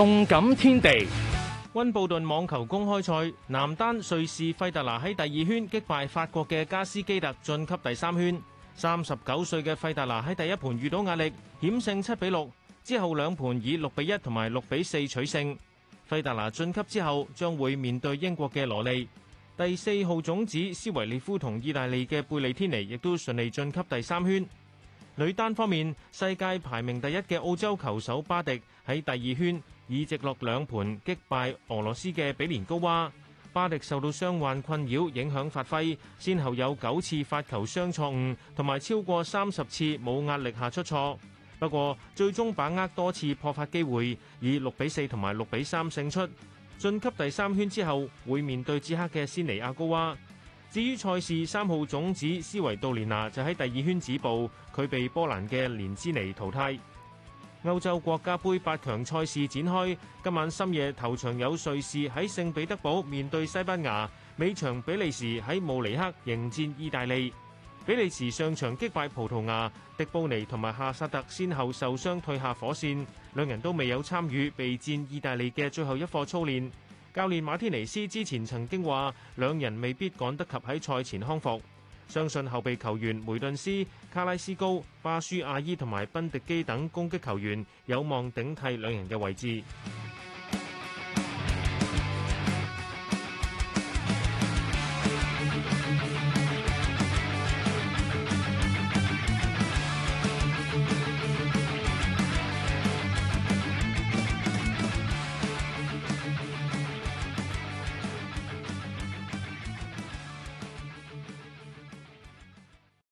動感天地。溫布頓網球公開賽，男單瑞士費達拿喺第二圈擊敗法國嘅加斯基特晉級第三圈。三十九歲嘅費達拿喺第一盤遇到壓力，險勝七比六，之後兩盤以六比一同埋六比四取勝。費達拿晉級之後將會面對英國嘅羅利。第四號種子斯維列夫同意大利嘅貝利天尼亦都順利晉級第三圈。女單方面，世界排名第一嘅澳洲球手芭迪喺第二圈，以直落兩盤擊敗俄羅斯嘅比蓮高娃，芭迪受到傷患困擾，影響發揮，先後有九次發球雙錯誤，同埋超過三十次冇壓力下出錯。不過最終把握多次破發機會，以六比四同埋六比三勝出，晉級第三圈之後會面對捷克嘅斯尼亞高娃。至於賽事三號種子斯維杜蓮娜就喺第二圈止步，佢被波蘭嘅蓮斯尼淘汰。歐洲國家盃八強賽事展開，今晚深夜頭場有瑞士喺聖彼得堡面對西班牙，尾場比利時喺慕尼黑迎戰意大利。比利時上場擊敗葡萄牙，迪布尼同埋夏薩特先後受傷退下火線，兩人都未有參與備戰意大利嘅最後一課操練。教練馬天尼斯之前曾經話，兩人未必趕得及喺賽前康復。相信後備球員梅頓斯、卡拉斯高、巴舒亞伊同埋賓迪基等攻擊球員有望頂替兩人嘅位置。